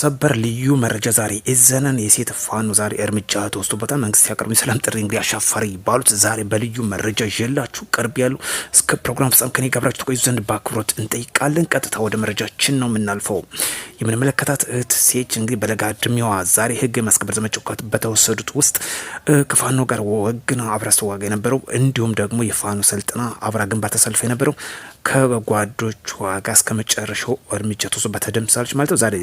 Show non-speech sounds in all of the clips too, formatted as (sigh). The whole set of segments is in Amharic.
ሰበር ልዩ መረጃ ዛሬ እዘነን የሴት ፋኖ ዛሬ እርምጃ ተወስዶበታል። መንግስት ያቀርቡ የሰላም ጥሪ እንግዲህ አሻፋሪ ይባሉት ዛሬ በልዩ መረጃ ይዤላችሁ ቅርብ ያሉ እስከ ፕሮግራም ፍጻም ከኔ ጋብራችሁ ተቆዩ ዘንድ በአክብሮት እንጠይቃለን። ቀጥታ ወደ መረጃችን ነው የምናልፈው። የምንመለከታት እህት ሴች እንግዲህ በለጋ እድሜዋ ዛሬ ህግ የማስከበር ዘመቻ በተወሰዱት ውስጥ ከፋኖ ጋር ወግና አብራ ስትዋጋ የነበረው እንዲሁም ደግሞ የፋኖ ሰልጥና አብራ ግንባር ተሰልፎ የነበረው ከጓዶቿ ጋር እስከ መጨረሻው እርምጃ ተወስዶባት ተደምሳለች ማለት ነው ዛሬ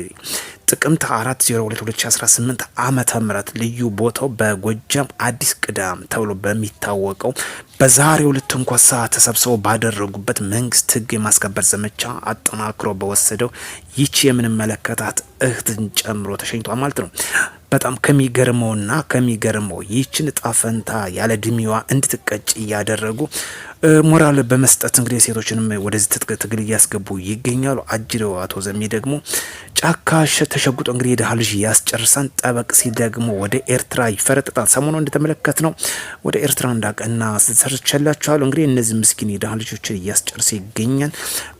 ጥቅምት 4 02 2018 ዓመተ ምህረት ልዩ ቦታው በጎጃም አዲስ ቅዳም ተብሎ በሚታወቀው በዛሬ ዕለት ትንኮሳ ተሰብስበው ባደረጉበት መንግስት ህግ የማስከበር ዘመቻ አጠናክሮ በወሰደው ይቺ የምንመለከታት እህትን ጨምሮ ተሸኝቷ ማለት ነው። በጣም ከሚገርመውና ከሚገርመው ይችን ጣፈንታ ያለ ድሚዋ እንድትቀጭ እያደረጉ ሞራል በመስጠት እንግዲህ ሴቶችንም ወደዚህ ትጥቅ ትግል እያስገቡ ይገኛሉ። አጅሬው አቶ ዘሚ ደግሞ ጫካ ተሸጉጦ እንግዲህ የድሃ ልጅ ያስጨርሳን ጠበቅ ሲል ደግሞ ወደ ኤርትራ ይፈረጥጣል። ሰሞኑ እንደተመለከት ነው ወደ ኤርትራ እንዳቀና ሰርቸላችኋለሁ። እንግዲህ እነዚህ ምስኪን የድሃ ልጆችን እያስጨርሰ ይገኛል።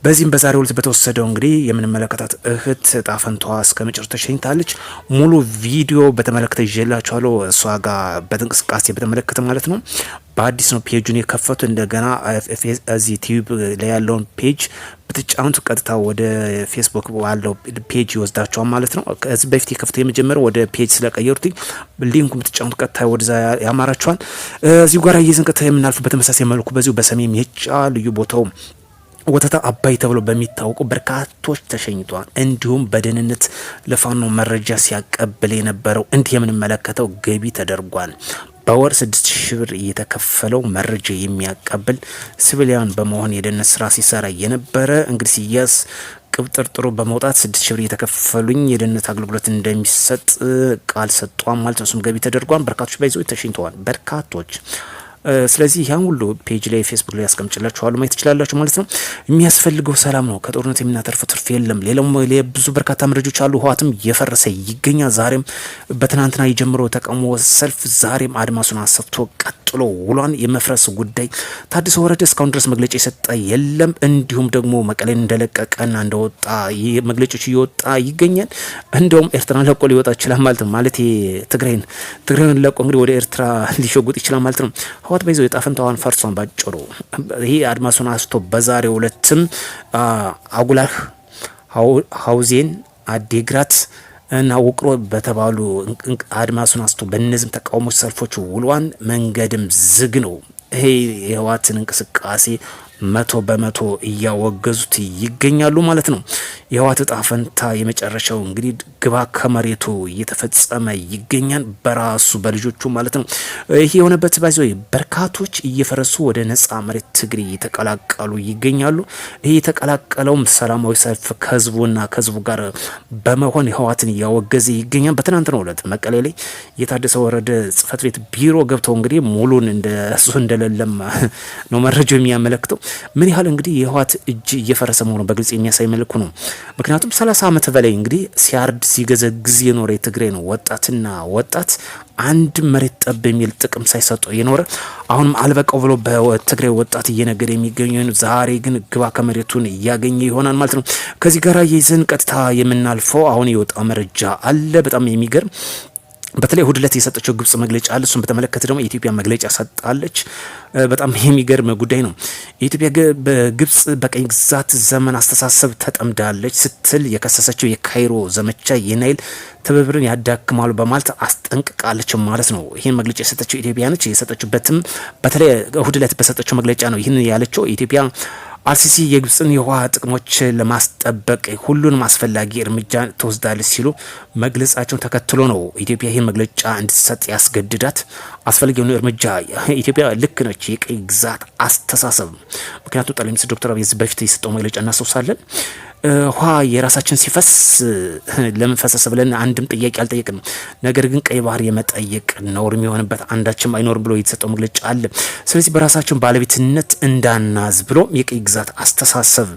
በዚህም በዛሬው ዕለት በተወሰደው እንግዲህ የምንመለከታት እህት ጣፈንቷ እስከ መጨረሻ ተሸኝታለች። ሙሉ ቪዲዮ በተመለከተ ይዤላችኋለሁ። እሷ ጋር በእንቅስቃሴ በተመለከተ ማለት ነው በአዲስ ነው ፔጁን የከፈቱ እንደገና እዚህ ቲዩብ ላይ ያለውን ፔጅ ብትጫኑት ቀጥታ ወደ ፌስቡክ ባለው ፔጅ ይወስዳቸዋል ማለት ነው። ከዚህ በፊት የከፍተው የመጀመሪያው ወደ ፔጅ ስለቀየሩት ሊንኩ ብትጫኑት ቀጥታ ወደዛ ያማራቸዋል። እዚሁ ጋር እየዝን ቀጥታ የምናልፉ በተመሳሳይ መልኩ በዚሁ በሰሜን የጫ ልዩ ቦታው ወተታ አባይ ተብሎ በሚታወቁ በርካቶች ተሸኝተዋል። እንዲሁም በደህንነት ለፋኖ መረጃ ሲያቀብል የነበረው እንዲህ የምንመለከተው ገቢ ተደርጓል። በወር ስድስት ሺህ ብር እየተከፈለው መረጃ የሚያቀብል ሲቪሊያን በመሆን የደህንነት ስራ ሲሰራ የነበረ እንግዲህ ሲያዝ ቅብጥርጥሩ በመውጣት ስድስት ሺህ ብር እየተከፈሉኝ የደህንነት አገልግሎት እንደሚሰጥ ቃል ሰጧም ማለት ነው። እሱም ገቢ ተደርጓል። በርካቶች በይዘው ተሸኝተዋል። በርካቶች ስለዚህ ያን ሁሉ ፔጅ ላይ ፌስቡክ ላይ ያስቀምጭላችኋሉ ማየት ትችላላችሁ ማለት ነው። የሚያስፈልገው ሰላም ነው። ከጦርነት የምናተርፈው ትርፍ የለም። ሌላው ብዙ በርካታ መረጃዎች አሉ። ህወሓትም እየፈረሰ ይገኛል። ዛሬም በትናንትና የጀመረው ተቃውሞ ሰልፍ ዛሬም አድማሱን አሰፍቶ ቀጥሎ ውሏን የመፍረስ ጉዳይ ታደሰ ወረደ እስካሁን ድረስ መግለጫ የሰጠ የለም። እንዲሁም ደግሞ መቀሌን እንደለቀቀና እንደወጣ መግለጫዎች እየወጣ ይገኛል። እንደውም ኤርትራን ለቆ ሊወጣ ይችላል ማለት ነው። ማለት ትግራይን ትግራይን ለቆ እንግዲህ ወደ ኤርትራ (laughs) ሊሸጉጥ ይችላል ማለት ነው። ማግባት በይዞ የጣፍንታዋን ፈርሷን ባጭሩ ይህ አድማሱን አስቶ በዛሬው ዕለትም አጉላህ ሀውዜን አዴግራት እና ውቅሮ በተባሉ አድማሱን አስቶ በእነዚህም ተቃውሞ ሰልፎች ውሏን መንገድም ዝግ ነው። ይሄ የህወሓትን እንቅስቃሴ መቶ በመቶ እያወገዙት ይገኛሉ ማለት ነው። የህወሓት እጣ ፈንታ የመጨረሻው እንግዲህ ግባ ከመሬቱ እየተፈጸመ ይገኛል በራሱ በልጆቹ ማለት ነው። ይህ የሆነበት ባዚ በርካቶች እየፈረሱ ወደ ነጻ መሬት ትግሪ እየተቀላቀሉ ይገኛሉ። ይህ የተቀላቀለውም ሰላማዊ ሰልፍ ከህዝቡና ከህዝቡ ጋር በመሆን ህወሓትን እያወገዘ ይገኛል። በትናንትናው ዕለት መቀሌ ላይ የታደሰ ወረደ ጽህፈት ቤት ቢሮ ገብተው እንግዲህ ሙሉን እንደሱ እንደሌለም ነው መረጃው የሚያመለክተው። ምን ያህል እንግዲህ የህወሓት እጅ እየፈረሰ መሆኑ በግልጽ የሚያሳይ መልኩ ነው። ምክንያቱም 30 ዓመት በላይ እንግዲህ ሲያርድ ሲገዘግዝ የኖረ የትግራይ ነው ወጣትና ወጣት አንድ መሬት ጠብ የሚል ጥቅም ሳይሰጡ የኖረ አሁንም አልበቀው ብሎ በትግራይ ወጣት እየነገደ የሚገኘን ዛሬ ግን ግባ ከመሬቱን እያገኘ ይሆናል ማለት ነው። ከዚህ ጋር ይዘን ቀጥታ የምናልፈው አሁን የወጣ መረጃ አለ በጣም የሚገርም በተለይ እሁድ ዕለት የሰጠችው ግብጽ መግለጫ አለ። እሱን በተመለከተ ደግሞ የኢትዮጵያ መግለጫ ሰጣለች። በጣም የሚገርም ጉዳይ ነው። ኢትዮጵያ በግብጽ በቀኝ ግዛት ዘመን አስተሳሰብ ተጠምዳለች ስትል የከሰሰችው የካይሮ ዘመቻ የናይል ትብብርን ያዳክማሉ በማለት አስጠንቅቃለች ማለት ነው። ይህን መግለጫ የሰጠችው ኢትዮጵያ ነች። የሰጠችበትም በተለይ እሁድ ዕለት በሰጠችው መግለጫ ነው ይህን ያለችው ኢትዮጵያ አልሲሲ የግብፅን የውሃ ጥቅሞች ለማስጠበቅ ሁሉንም አስፈላጊ እርምጃ ትወስዳለች ሲሉ መግለጻቸውን ተከትሎ ነው ኢትዮጵያ ይህን መግለጫ እንድትሰጥ ያስገድዳት። አስፈላጊ የሆነ እርምጃ ኢትዮጵያ ልክ ነች፣ የቅኝ ግዛት አስተሳሰብ ምክንያቱም ጠቅላይ ሚኒስትር ዶክተር አብይ በፊት የሰጠው መግለጫ እናስታውሳለን። ውሃ የራሳችን ሲፈስ ለምን ፈሰሰ ብለን አንድም ጥያቄ አልጠየቅንም። ነገር ግን ቀይ ባህር የመጠየቅ ነውር የሚሆንበት አንዳችም አይኖርም ብሎ የተሰጠው መግለጫ አለ። ስለዚህ በራሳችን ባለቤትነት እንዳናዝ ብሎ የቀይ ግዛት አስተሳሰብ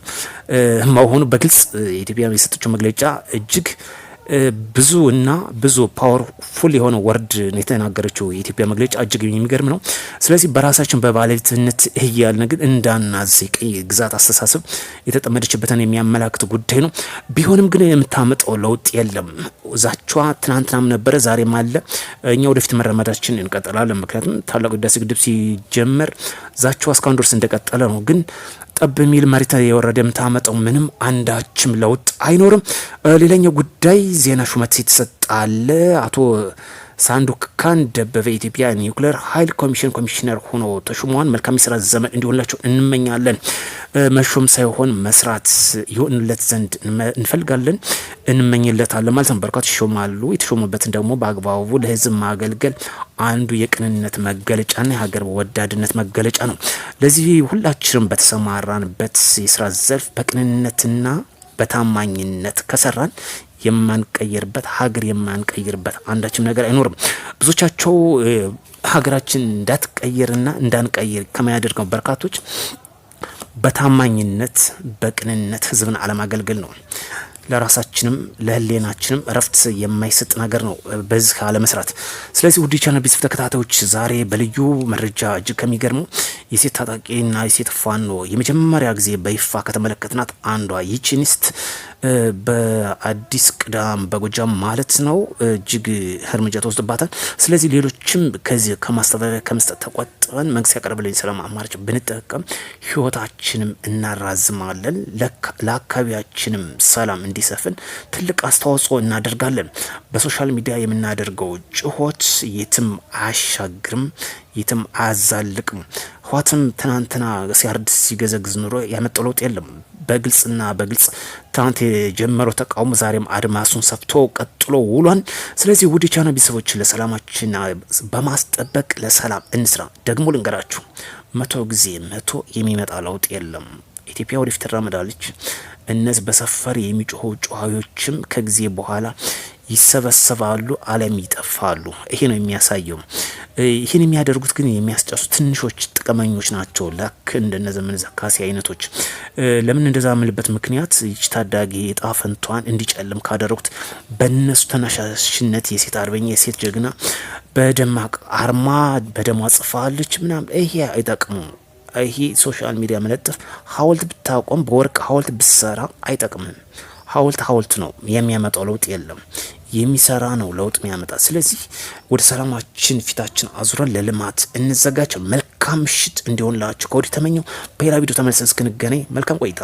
መሆኑ በግልጽ ኢትዮጵያ የሰጠችው መግለጫ እጅግ ብዙ እና ብዙ ፓወርፉል የሆነ ወርድ ነው የተናገረችው የኢትዮጵያ መግለጫ እጅግ የሚገርም ነው። ስለዚህ በራሳችን በባለቤትነት እያልን ግን እንዳናዝቅ ግዛት አስተሳሰብ የተጠመደችበትን የሚያመላክት ጉዳይ ነው። ቢሆንም ግን የምታመጣው ለውጥ የለም። ዛቿ ትናንትናም ነበረ፣ ዛሬም አለ። እኛ ወደፊት መረመዳችን እንቀጥላለን። ምክንያቱም ታላቁ ህዳሴ ግድብ ሲጀመር ዛቿ እስካሁን ድረስ እንደቀጠለ ነው ግን ጠብ የሚል መሬት የወረደ የምታመጠው ምንም አንዳችም ለውጥ አይኖርም። ሌላኛው ጉዳይ ዜና ሹመት የተሰጣለ አቶ ሳንዱካን ደበበ የኢትዮጵያ ኒውክሌር ኃይል ኮሚሽን ኮሚሽነር ሆኖ ተሹመዋል። መልካም የስራ ዘመን እንዲሆንላቸው እንመኛለን። መሾም ሳይሆን መስራት ይሆንለት ዘንድ እንፈልጋለን፣ እንመኝለታለን ማለት ነው። በርካቶች ይሾማሉ። የተሾሙበትን ደግሞ በአግባቡ ለህዝብ ማገልገል አንዱ የቅንነት መገለጫና የሀገር ወዳድነት መገለጫ ነው። ለዚህ ሁላችንም በተሰማራንበት የስራ ዘርፍ በቅንነትና በታማኝነት ከሰራን የማንቀየርበት ሀገር የማንቀይርበት አንዳችም ነገር አይኖርም። ብዙቻቸው ሀገራችን እንዳትቀየርና እንዳንቀይር ከሚያደርገው በርካቶች በታማኝነት በቅንነት ህዝብን አለማገልገል ነው። ለራሳችንም ለህሌናችንም እረፍት የማይሰጥ ነገር ነው በዚህ አለመስራት። ስለዚህ ውድ የቻናል ቤተሰብ ተከታታዮች ዛሬ በልዩ መረጃ እጅግ ከሚገርሙ የሴት ታጣቂና የሴት ፋኖ የመጀመሪያ ጊዜ በይፋ ከተመለከትናት አንዷ ይቺ በአዲስ ቅዳም በጎጃም ማለት ነው እጅግ እርምጃ ተወስዶባታል። ስለዚህ ሌሎችም ከዚህ ከማስተዳደሪያ ከመስጠት ተቆጥበን መንግስት ያቀረበልን ሰላም አማራጭ ብንጠቀም ህይወታችንም እናራዝማለን ለአካባቢያችንም ሰላም እንዲሰፍን ትልቅ አስተዋጽኦ እናደርጋለን። በሶሻል ሚዲያ የምናደርገው ጩኸት የትም አያሻግርም፣ የትም አያዛልቅም። ህዋትም ትናንትና ሲያርድ ሲገዘግዝ ኑሮ ያመጣው ለውጥ የለም። በግልጽና በግልጽ ትናንት የጀመረው ተቃውሞ ዛሬም አድማሱን ሰፍቶ ቀጥሎ ውሏል። ስለዚህ ውድ ቻና ቤተሰቦች ለሰላማችን በማስጠበቅ ለሰላም እንስራ። ደግሞ ልንገራችሁ፣ መቶ ጊዜ መቶ የሚመጣ ለውጥ የለም። ኢትዮጵያ ወደፊት ትራመዳለች። እነዚህ በሰፈር የሚጮኸው ጮኸዎችም ከጊዜ በኋላ ይሰበሰባሉ፣ አለም ይጠፋሉ። ይሄ ነው የሚያሳየው። ይህን የሚያደርጉት ግን የሚያስጨሱ ትንሾች ጥቅመኞች ናቸው። ላክ እንደነ ዘመን ዘካሴ አይነቶች። ለምን እንደዛ ምልበት ምክንያት ይች ታዳጊ የጣፈንቷን እንዲጨልም ካደረጉት በእነሱ ተነሳሽነት የሴት አርበኛ የሴት ጀግና በደማቅ አርማ በደሟ ጽፋለች ምናምን። ይሄ አይጠቅሙም። ይሄ ሶሻል ሚዲያ መለጠፍ ሀውልት ብታቆም በወርቅ ሀውልት ብሰራ አይጠቅምም። ሀውልት ሀውልት ነው የሚያመጣው ለውጥ የለም። የሚሰራ ነው ለውጥ የሚያመጣ። ስለዚህ ወደ ሰላማችን ፊታችን አዙረን ለልማት እንዘጋቸው። መልካም ምሽት እንዲሆንላችሁ ከወዲህ ተመኘው። በሌላ ቪዲዮ ተመልሰን እስክንገናኝ መልካም ቆይታ